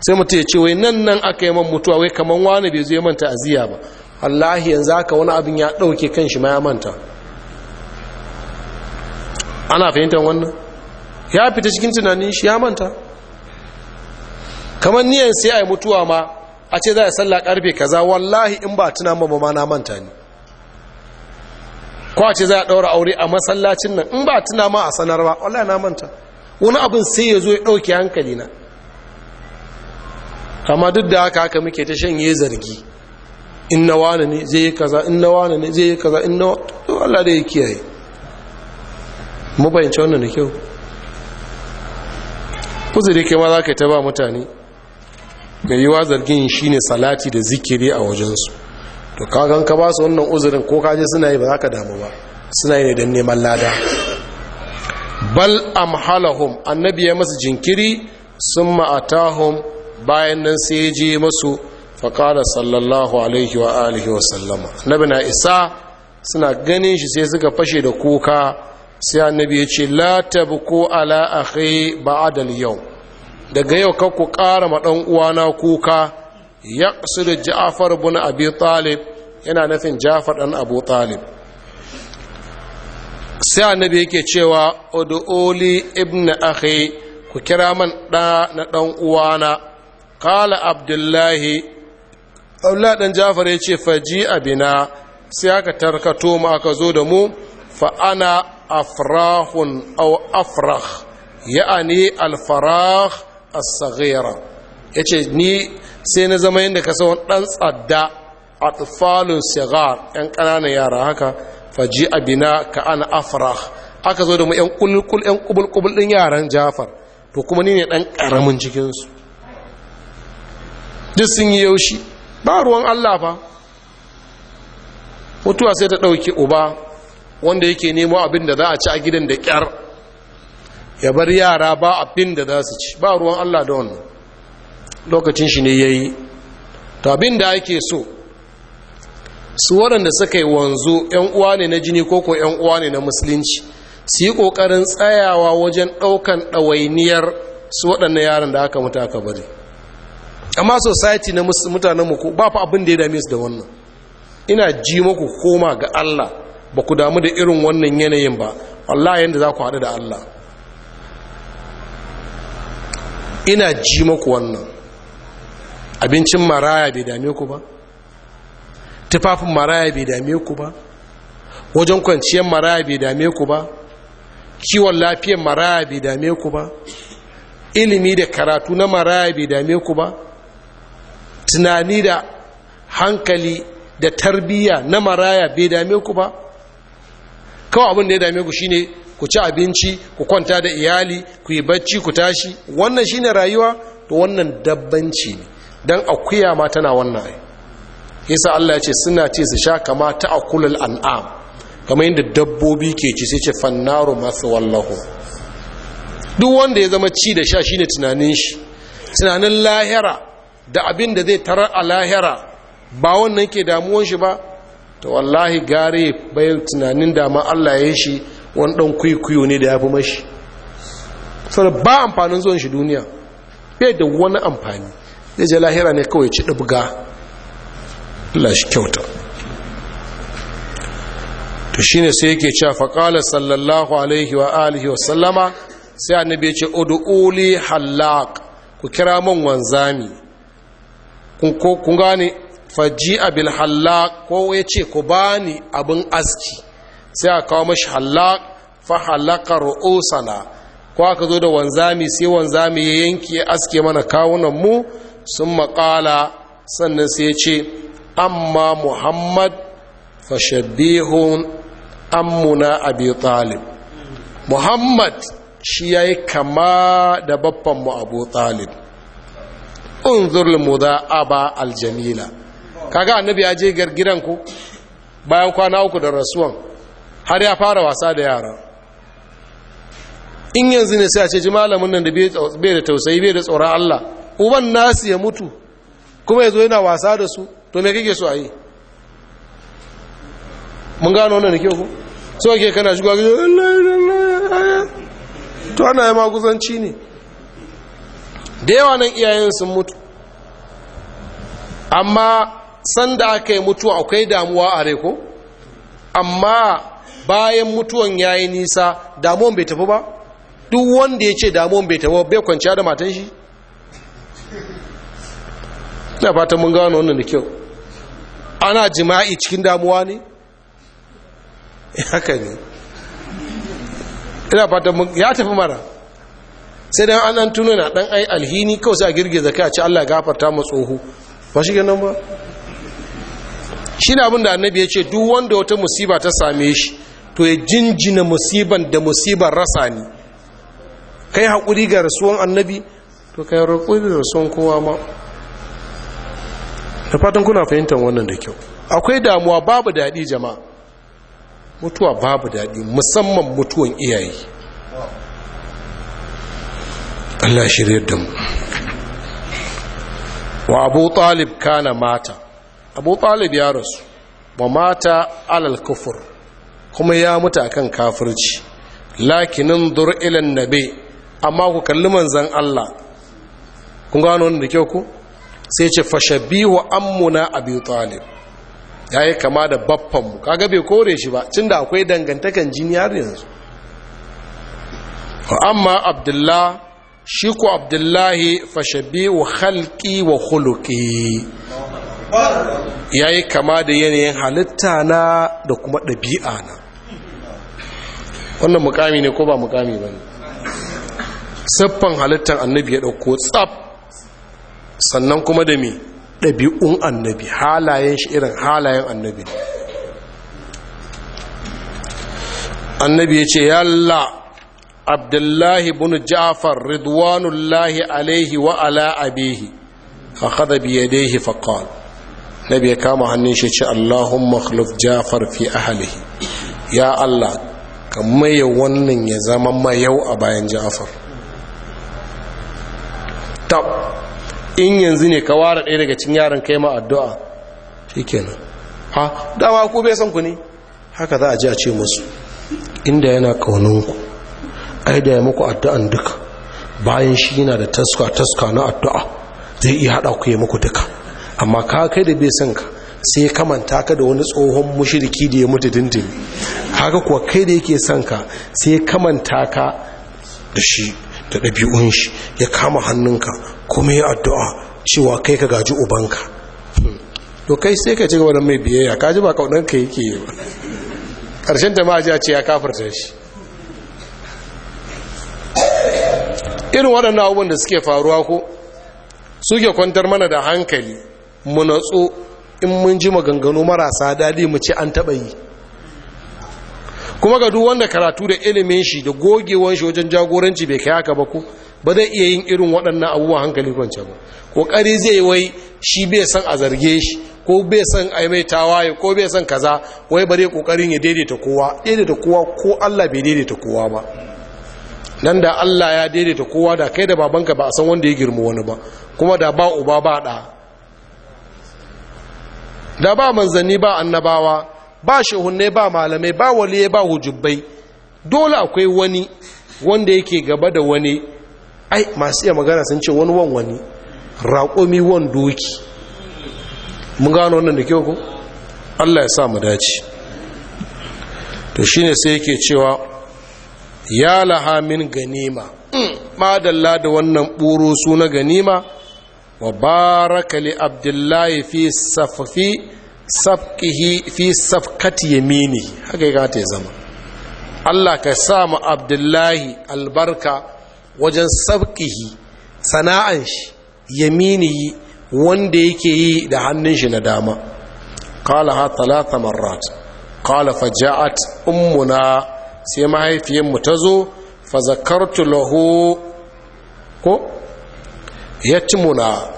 sai mutum ya ce wai nan nan aka yi man mutuwa wai kamar wani bai zo ya manta aziya ba Allahi yanzu haka wani abin ya ɗauke kan shi ma ya manta ana fahimtar wannan ya fita cikin tunanin shi ya manta kamar niyan sai a yi mutuwa ma a ce za a salla karfe kaza wallahi in ba tuna ma ma na manta ne ko a ce za a ɗaura aure a masallacin nan in ba tuna ma a sanar ba wallahi na manta wani abin sai ya zo ya ɗauke hankali na amma duk da haka haka muke ta shanye zargi in na wani ne zai yi kaza in na wani ne zai yi kaza in na Allah da ya kiyaye mu bayyance wannan da kyau uzuri kai ma za ka taba mutane ga yiwa zargin shi ne salati da zikiri a wajensu to kagan ka ba su wannan uzurin ko kaje suna yi ba za ka damu ba suna yi ne don neman lada bal amhalahum annabi ya masu jinkiri sun ma'atahum bayan nan sai ya je masu faƙara sallallahu alaihi wa alihi wa sallama Nabi na isa suna ganin shi sai suka fashe da kuka sai annabi ya ce la tabku ala akhi ba'da al-yawm daga yau ka ku ƙara ma ɗan uwana kuka su da ja'far ibn abi talib yana nufin ja'far ɗan abu talib sai annabi yake cewa uduuli ibn akhi ku kira man da na ɗan uwana qala abdullahi abdullahi ɗan jafar ya ce faji abina sai aka tarkato mu aka zo da mu fa ana afrahun aw afrah ya'ani alfarah as-saghira yace ni sai na zama yadda ka san dan tsadda atfalun sigar yan ƙananan yara haka faji abina ka ana afrah aka zo da mu yan kulkul yan kubul kubul yaran jafar to kuma ni ne ɗan ƙaramin cikinsu. duk sun yi yaushi ba ruwan Allah ba mutuwa sai ta ɗauki uba wanda yake nemo abin da za a ci a gidan da ƙyar ya bar yara ba abin da za su ci ba ruwan Allah da wannan lokacin shi ne ya yi ta abin da ake so su waɗanda suka yi wanzu 'yan uwa ne na jini ko ko 'yan uwa ne na musulunci su yi ƙoƙarin tsayawa wajen ɗaukan ɗawainiyar su waɗannan yaran da aka mutu aka bari amma society na mutanen muku ba fa abin da ya dame su da wannan ina ji muku koma ga Allah ba ku damu da irin wannan yanayin ba Allah yanda za ku haɗu da Allah ina ji muku wannan abincin maraya bai dame ku ba tufafin maraya bai dame ku ba wajen kwanciyar maraya bai dame ku ba kiwon lafiyar maraya bai dame ku ba ilimi da karatu na maraya bai dame ku ba tunani da hankali da tarbiyya na maraya bai dame ku ba kawai abin da ya dame ku shine ku ci abinci ku kwanta da iyali ku yi bacci ku tashi wannan shine rayuwa to wannan dabbanci ne Don akuya ma tana wannan ai yasa Allah ya ce suna ce su sha kama ta akulul an'am kamar yadda dabbobi ke ci sai ce fannaru masu wallahu duk wanda ya zama ci da sha shine tunanin shi tunanin lahira da abin da zai tarar a lahira ba wannan ke damuwan shi ba ta wallahi gare bai tunanin dama Allah ya shi wani dan kwikwiyo ne da ya fi mashi sau ba amfanin zuwan shi duniya bai da wani amfani zai je lahira ne kawai ci ɗabga lashi shi kyauta to shine sai yake cewa faƙala sallallahu alaihi wa alihi wa sallama sai annabi ya ce ud'uli halaq ku kira min wanzami ko kun gane faji abil hallaq ko ya ce ku ni abin aski sai a kawo mashi hallaq fa halaka ru'usana ko aka zo da wanzami sai wanzami ya yanke aske mana kawunan mu sun maƙala sannan sai ya ce amma muhammad fa shabihun ammuna abi talib muhammad shi ya yi kama da mu abu talib unzur aba aljamila kaga annabi ya je gargiran ku bayan kwana uku da rasuwan har ya fara wasa da yara in yanzu ne sai a ce ji malamin nan da bai da tausayi bai da tsoron Allah uban nasu ya mutu kuma ya zo yana wasa da su to me kake so a yi mun gano wannan da ke ku so ake kana shiga to ana yi maguzanci ne da yawa nan iyayen sun mutu amma sanda aka yi mutuwa akwai damuwa a rai ko amma bayan mutuwan ya yi nisa damuwan bai tafi ba duk wanda ya ce damuwan bai tafi bai kwanci da matan shi na fata mun gano wannan da kyau ana jima'i cikin damuwa ne haka ne ina ya tafi mara sai dan anan tuno na dan ai alhini kawai sai a girgiza kai a ce Allah gafarta mu tsoho ba shi kenan ba shi ne abinda annabi ya ce duk wanda wata musiba ta same shi to ya jinjina musiban da musibar rasa ni kai hakuri ga rasuwan annabi to kai roƙo da rasuwan kowa ma da fatan kuna fahimtar wannan da kyau akwai damuwa babu daɗi jama'a mutuwa babu daɗi musamman mutuwan iyaye Allah shirye da mu wa abu talib kana mata abu talib ya rasu wa mata alal kufur kuma ya mutu akan kafirci lakinin dur ilan nabi amma ku kalli manzan Allah kun gano wanda kyau ku sai ce fashabihu ammuna abu talib ya yi kama da baffan mu kaga bai kore shi ba cin da akwai dangantakan jini har yanzu amma abdullah shi abdullahi fashabi wa halki wa huluki ya yi kama da yanayin halitta na da kuma ɗabi'a na wannan mukami ne ko ba mukami ba ne siffan halittar annabi ya ɗauko tsab sannan kuma da me ɗabi'un annabi halayen shi irin halayen annabi ne annabi ya ce yalla abdullahi Bun ja'far ridwanullahi alaihi wa ala abihi akhadha bi yadayhi fa qala nabi ya kama hannun shi ci, allahumma khluf ja'far fi ahlihi ya allah ka maye wannan ya zama yau a bayan ja'far tab in yanzu ne ka ware ɗaya daga cikin yaran kai ma addu'a shikenan ha dama ku bai san ku ne haka za a ji a ce musu inda yana kaunanku ai da ya muku addu'an duka bayan shi yana da taska taska na addu'a zai iya haɗa ku ya muku duka amma ka kai da bai son ka sai kamanta ka da wani tsohon mushiriki da ya mutu dindin haka kuwa kai da yake son ka sai kamanta ka da shi da ɗabi'un shi ya kama hannunka kuma ya addu'a cewa kai ka gaji ubanka to kai sai ka ci gaba da mai biyayya ka ji ba kaunanka yake yi ba ƙarshen jama'a ji a ce ya kafarta shi irin waɗannan abubuwan da suke faruwa ko suke kwantar mana da hankali mu natsu in mun ji maganganu marasa daɗi mu ce an taɓa yi kuma ga duk wanda karatu da ilimin shi da gogewan shi wajen jagoranci bai kai haka ba ko ba zai iya yin irin waɗannan abubuwan hankali kwance ba ƙoƙari zai wai shi bai san a zarge shi ko bai san a mai tawaye ko bai san kaza wai bare ƙoƙarin ya daidaita kowa daidaita kowa ko allah bai daidaita kowa ba Nan da Allah ya daidaita kowa da kai da babanka ba a san wanda ya girma wani ba kuma da ba uba ba ɗa. da ba manzanni ba annabawa ba shehunne ba malamai ba waliye ba hujubbai dole akwai wani wanda yake gaba da wani ai masu iya magana sun ce wani wan wani raƙomi wan doki mun gano wannan da kyau ko Allah ya sa mu dace to shine sai yake cewa ya laha min ganima mm, madalla da wannan ɓuro su na ganima wa baraka li abdullahi fi safafi safkihi fi safkati yamini haka ya ta zama Allah ka sa mu abdullahi albarka wajen safkihi sana'an shi yamini wanda yake yi da hannun shi na dama qala ha talata marrat qala faja'at ummuna sai mahaifiyarmu ta zo fa lahu ko yatimuna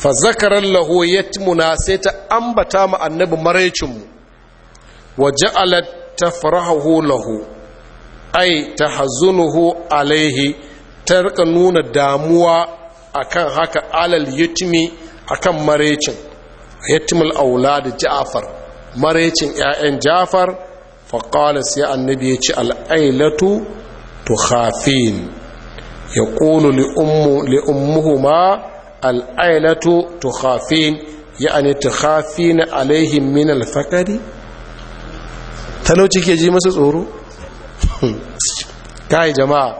fa lahu yatimuna sai ta ambata mu annabi maraicinmu wa ja'alat tafrahu lahu ai tahzunuhu alaihi ta rika nuna damuwa akan haka alal yatimi akan maraicin yatimul da ja'far maraicin 'ya'yan ja'far faƙala sai annabi ya ci al'ailatu tukhafin ya ƙulu li'ummuhuma al'ailatu tukhafin ya'ani tukhafin alaihim min alfakari talauci ke ji masa tsoro kai jama'a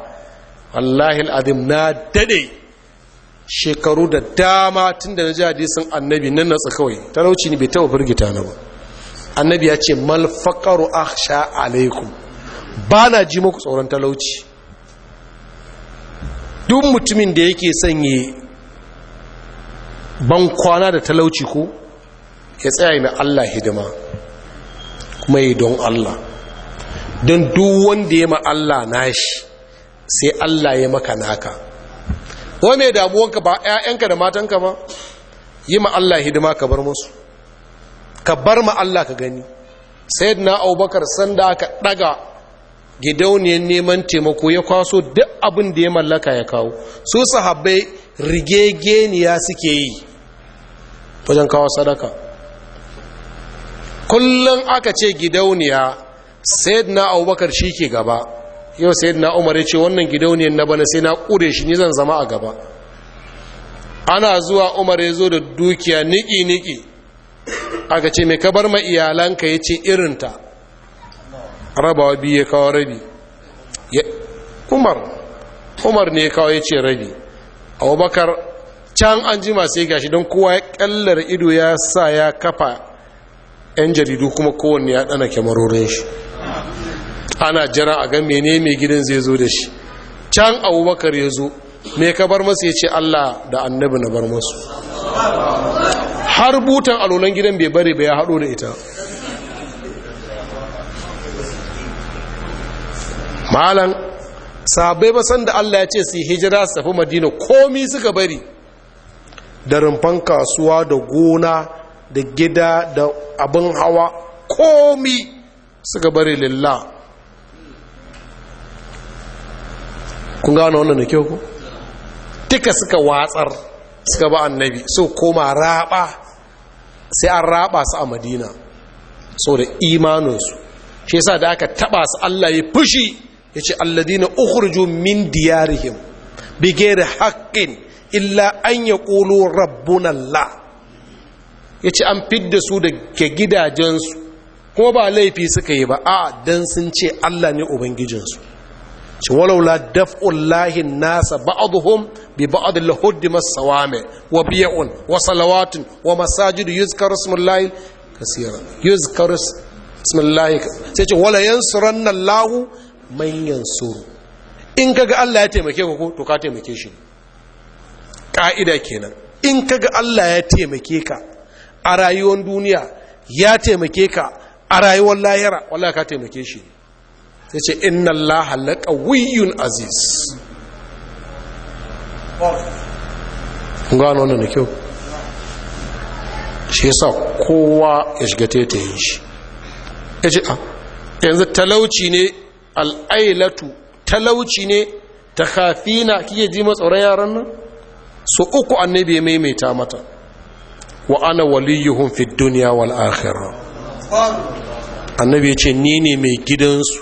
wallahi al'adim na dade shekaru da dama tun da na ji hadisin annabi nan natsa kawai talauci ne bai taɓa firgita na ba annabi ya ce mal a sha alaikum ba na ji muku tsoron talauci duk mutumin da yake sanye ban kwana da talauci ko ya tsaya mai Allah hidima kuma yi don Allah don duk wanda ya ma Allah nashi sai Allah ya maka naka wane damuwanka ba 'ya'yanka da matanka ba yi ma Allah hidima ka bar musu ka bar ma Allah ka gani na abubakar sanda aka daga gidauniyar neman taimako ya kwaso duk abin da ya mallaka ya kawo su sahabbai rigegeniya suke yi wajen kawo sadaka kullum aka ce gidauniya na abubakar shi ke gaba yau na umar ya ce wannan gidauniyar na bana sai na kure shi ni zan zama a gaba ana zuwa umar ya zo da dukiya niki-niki aka ce mai kabar ma iyalanka ya ce irinta rabawa biyu ya kawo rabi umar umar ne ya kawo ya ce rabi abubakar can an ji masu sai gashi don kowa ya kallar ido ya sa ya kafa 'yan jaridu kuma kowanne ya dana kyamarorin shi ana jira a ga mene mai gidan zai zo da shi can abubakar ya zo mai ka masu ya ce allah da annabi na bar masu har butan alolan gidan bai bari ya haɗo da ita malam sabai ba san da Allah ya ce su hijira su tafi madina komi suka bari da rumfan kasuwa da gona da gida da abin hawa komi suka bari lilla. kun gano wannan da kyau ku duka suka watsar suka ba annabi so koma raba sai an raba su a madina sau da imaninsu shi yasa da aka taba su allah ya fushi ya ce alladina ukhruju min diyarihim da haƙƙin illa an ya ƙulu la. ya ce an fidda su daga gidajensu kuma ba laifi suka yi ba a dan sun ce allah ne ubangijinsu ci walaula lahin nasa ba'dhum bi ba'd lahuddimat sawami wa biy'un wa salawatun wa masajidu yuzkar kasira kaseera yuzkar ismullahi sai ce wala yansuranna Lahu man yansuru in kaga Allah ya taimake ka ko to ka taimake shi ka'ida kenan in kaga Allah ya taimake ka a rayuwar duniya ya taimake ka a rayuwar lahira wallahi ka taimake shi ne sai ce inna allaha wiyun aziz gano wannan da kyau shi yasa kowa ya shiga yin shi ya ce a ah, yanzu talauci ne al'ailatu talauci ne ta na kike ji matsoron yaran nan su uku annabi ya maimaita mata wa ana waliyuhun fi duniya wal akhirah annabi ya ce ni ne mai gidansu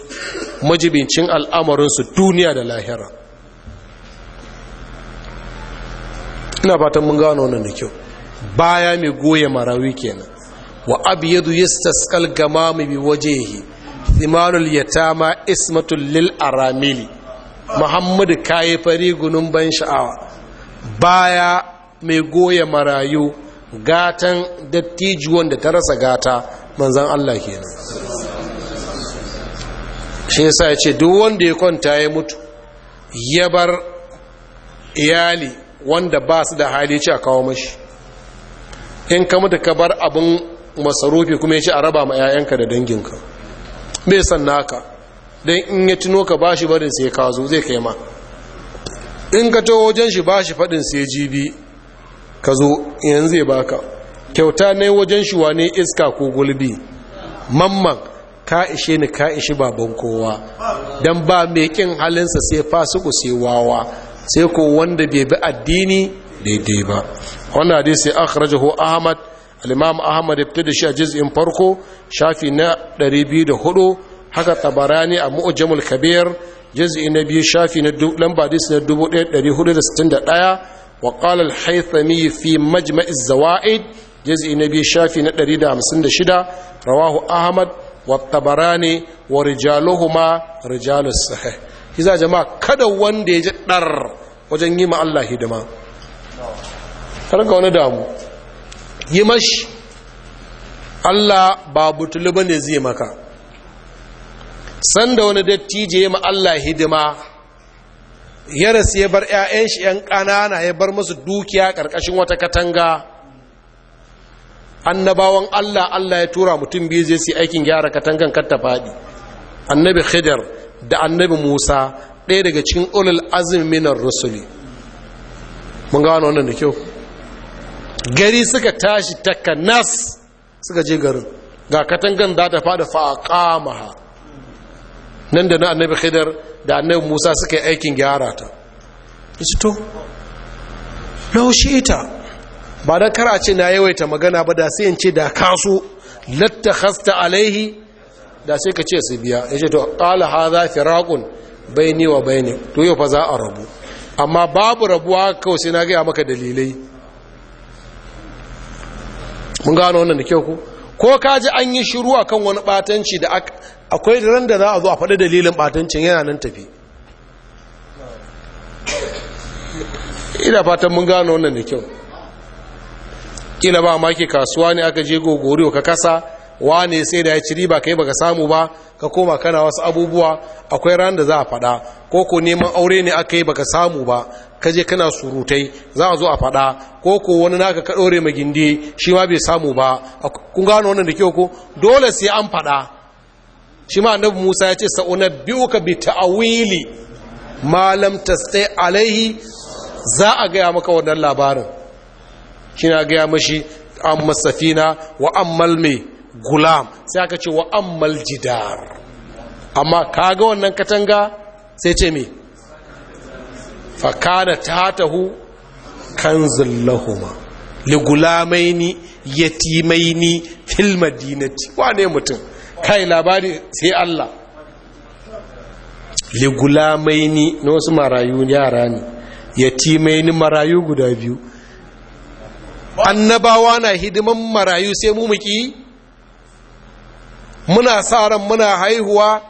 majibincin al'amarinsu duniya da lahira ina fatan mun gano wannan da kyau baya mai goye marawi kenan wa abyadu yastaskal gamami bi wajehi thimanul yatama ismatul lil aramili muhammadu yi fari gunun ban sha'awa baya mai goye marayu gatan dattijuwan da ta rasa gata manzan Allah kenan shi yasa ya ce duk wanda ya kwanta ya mutu ya bar iyali wanda ba su da hali ce a kawo mashi in ka mutu ka bar abin masarufi kuma ya ce a raba ma 'ya'yanka da danginka bai san naka don in ya tuno ka ba shi barin sai kazo zai kai ma in ka to wajen shi ba shi faɗin sai jibi ka zo yanzu ya baka kyauta ne wajen shi ne iska ko gulbi mamman ka ishe ni ka ishe baban kowa don ba mai kin halinsa sai fasiku sai wawa sai ko wanda bai bi addini daidai ba wannan hadisi ko ahmad al-imam ahmad da shi a juz'in farko shafi na 204 haka tabarani a mu'jamul kabir juz'i na biyu shafi na lamba hadisi na 1461 wa qala al-haythami fi majma' az-zawaid juz'i na biyu shafi na 156 rawahu ahmad wa tabarani wa rijaluhu ma rijalus sahih kiza jama'a kada wanda ya ji dar wajen yi ma Allah hidima karka wani damu yi mashi Allah ba butulu ne zai maka sanda wani dattijo ya ma Allah hidima ya rasu ya bar 'ya'yan shi 'yan ƙanana ya bar musu dukiya ƙarƙashin wata katanga annabawan Allah Allah ya tura mutum biyu zai su aikin gyara katangan kar ta faɗi annabi khidr da annabi Musa ɗaya daga cikin ulul azumi minar rusuli mun ga wani wannan da kyau gari suka tashi takanas suka je garin ga katangan za ta faɗi faqamaha nan da na annabi khidr da annabi Musa suka yi aikin gyara ta to ita. ba don kar a ce na yawaita magana ba da sai in ce da kasu latta hasta alaihi da sai ka ce su biya ya ce to ƙala ha za fi raƙun bai ni wa bai ne to yau fa za a rabu amma babu rabuwa kawai sai na gaya maka dalilai mun gano wannan da kyau ku ko ka ji an yi shiru a kan wani ɓatanci da akwai ran da za a zo a faɗi dalilin ɓatancin yana nan tafi ina fatan mun gano wannan da kyau kila ba maki kasuwa ne aka je gogoriyo ka kasa wane sai da ya ci riba kai baka samu ba ka koma kana wasu abubuwa akwai ran da za a faɗa ko ko neman aure ne aka yi baka samu ba ka je kana surutai za a zo a faɗa ko ko wani naka ka ɗore magindi shi ma bai samu ba kun gano wannan da kyau ko dole sai an faɗa shi ma annabi Musa ya ce sa'una biuka bi ta'awili malam tastai alaihi za a gaya maka wannan labarin kina gaya mashi Amma safina wa ammal mai gulam sai aka ce wa ammal jidar amma kaga wannan katanga sai ce mai fakana ta tahu kanzun lahuma ligulamaini yatimaini fil madinati wane mutum kai labari sai Allah ligulamaini na wasu marayu yara ne yatimaini marayu guda biyu annabawa na hidiman marayu sai mu muki muna sa ran muna haihuwa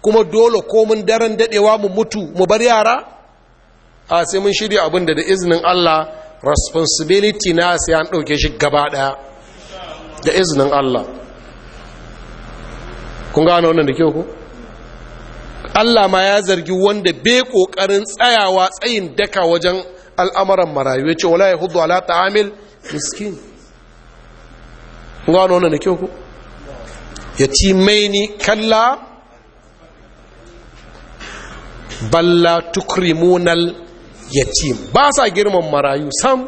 kuma dole ko mun daren dadewa mu mutu mu bar yara a sai mun shirya abin da da izinin Allah responsibility na sai an dauke shi gaba daya da izinin Allah kun gano wannan da ke ko Allah ma ya zargi wanda be kokarin tsayawa tsayin daka wajen al'amuran marayu ya ce wala ya hudu ala ta'amil miskin gano wannan da kyau ku ya mai ni kalla balla tukrimunal yatim ba sa girman marayu sam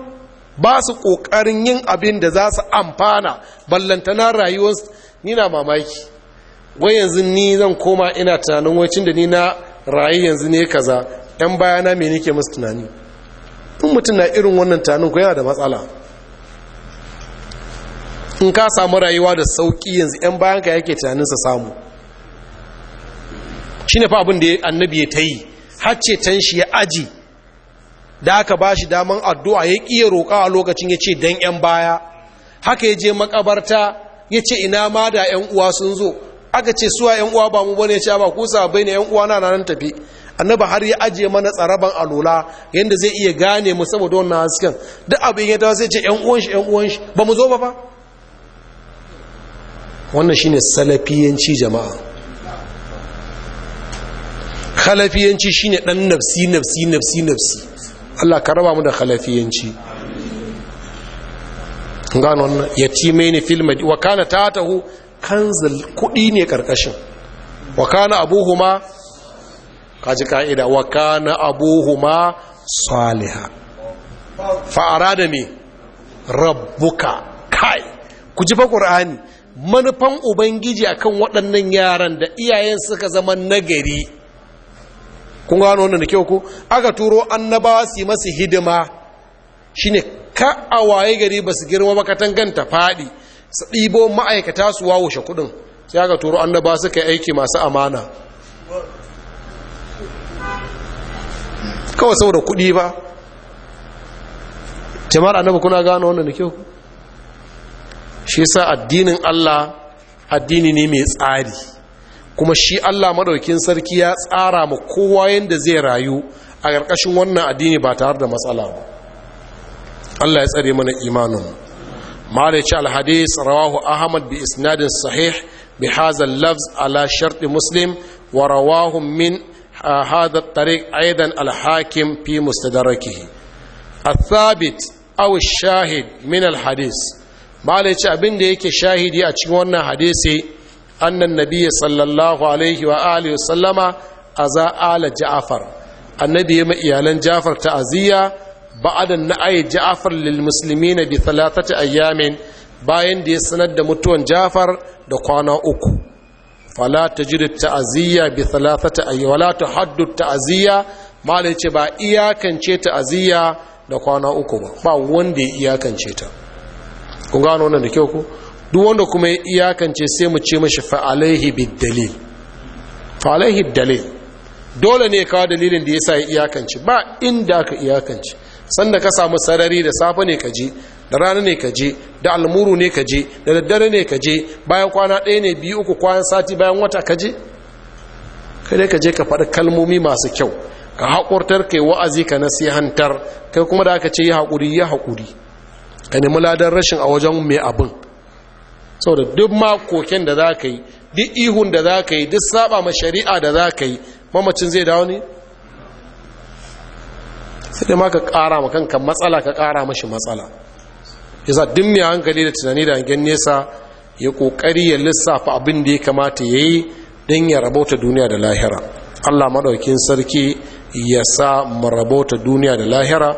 ba su ƙoƙarin yin abin da za su amfana ballantana rayuwarsu ni na mamaki wai yanzu ni zan koma ina tunanin wacin da ni na rayu yanzu ne kaza yan bayana me nake musu tunani Tun mutum na irin wannan tunanin ko yana da matsala in ka samu rayuwa da sauki yanzu 'yan bayan ka yake tunanin su samu shi ne fa abin da annabi ya ta yi hacce can shi ya aji da aka ba shi daman addu'a ya ƙiya roƙa a lokacin ya ce don ‘yan baya haka ya je makabarta ya ce ina ma da ‘yan uwa sun zo aka ce suwa ‘yan uwa ba mu bane ya ce ba ku bai ne ‘yan uwa na nan tafi Annabi har ya ajiye mana tsaraban alola yadda zai iya gane mu saboda wannan hasken duk abin ya dawo zai ce ‘yan uwan shi ‘yan uwan shi ba mu zo ba fa wannan shine salafiyanci jama'a khalafiyanci shine ɗan nafsi nafsi nafsi nafsi Allah ka raba mu da khalafiyanci gano wannan yatime ne fil wa kana tatahu kanzul kuɗi ne ƙarƙashin. wa kana abuhuma kaji ka'ida wa kana abuhuma saliha fa da me rabbuka kai ku ji fa qur'ani manufan ubangiji akan waɗannan yaran da iyayen suka zama nagari kun gano wannan da kyau ku aka turo annabawa su yi masu hidima shine ka a waye gari ba su girma ba ta faɗi su ɗibo ma'aikata su wawushe kuɗin sai aka turo annabawa suka ka aiki masu amana kawai saboda kuɗi ba jama'ar annabi kuna gano wannan da kyau ku shi sa addinin Allah addini ne mai tsari kuma shi Allah maɗaukin sarki ya tsara ma kowa yanda zai rayu a ƙarƙashin wannan addini ba tare da matsala ba Allah ya tsare mana imanin mala alhadis rawahu ahmad bi isnadin sahih bi hadha lafz ala sharti muslim wa rawahu min ah, hadha tariq aidan al-hakim fi mustadrakihi الثابت أو الشاهد من الحديث malai ce abin da yake shahidi a cikin wannan hadisi annan nabiyyi sallallahu alaihi wa alihi sallama aza ala ja'far annabi ya ma iyalan ja'far ta'aziyya na ayi ja'far lil muslimina bi thalathati ayyamin bayan da ya sanar da mutuwan ja'afar da kwana uku fala tajid ta'aziyya bi thalathati ayyamin wala ta ta'aziyya malai ce ba iyakance ta'aziyya da kwana uku ba ba wanda ya iyakance ta kun gano wannan da kyau ku duk wanda kuma ya iyakance sai mu ce mashi fa'alaihi bid-dalil fa'alaihi dalil dole ne kawo dalilin da yasa ya iyakance ba inda ka iyakance sanda ka samu sarari da safe ne ka je da rana ne ka je da almuru ne ka je da daddare ne ka je bayan kwana ɗaya ne biyu uku kwana sati bayan wata ka je kai ka je ka faɗi kalmomi masu kyau ka haƙurtar kai wa'azi ka nasihantar kai kuma da aka ce yi haƙuri yi haƙuri ka nemi ladan rashin a wajen mai abin saboda duk makokin da za ka yi duk ihun da za ka yi duk saba ma shari'a da za ka yi mamacin zai dawo ne sai dai ma ka kara ma kanka matsala ka kara mashi matsala yasa duk mai hankali da tunani da hangen nesa ya kokari ya lissafa abin da ya kamata ya yi don ya rabota duniya da lahira allah maɗaukin sarki ya sa mu rabauta duniya da lahira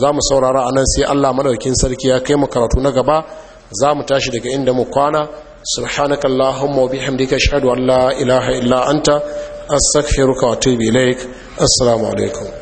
za mu saurara a nan sai allah madaukin sarki ya kai mu karatu na gaba za mu tashi daga inda mu kwana subhanakallahumma wa bihamdika ashhadu an la ilaha illa anta astaghfiruka wa atubu ilaik assalamu alaikum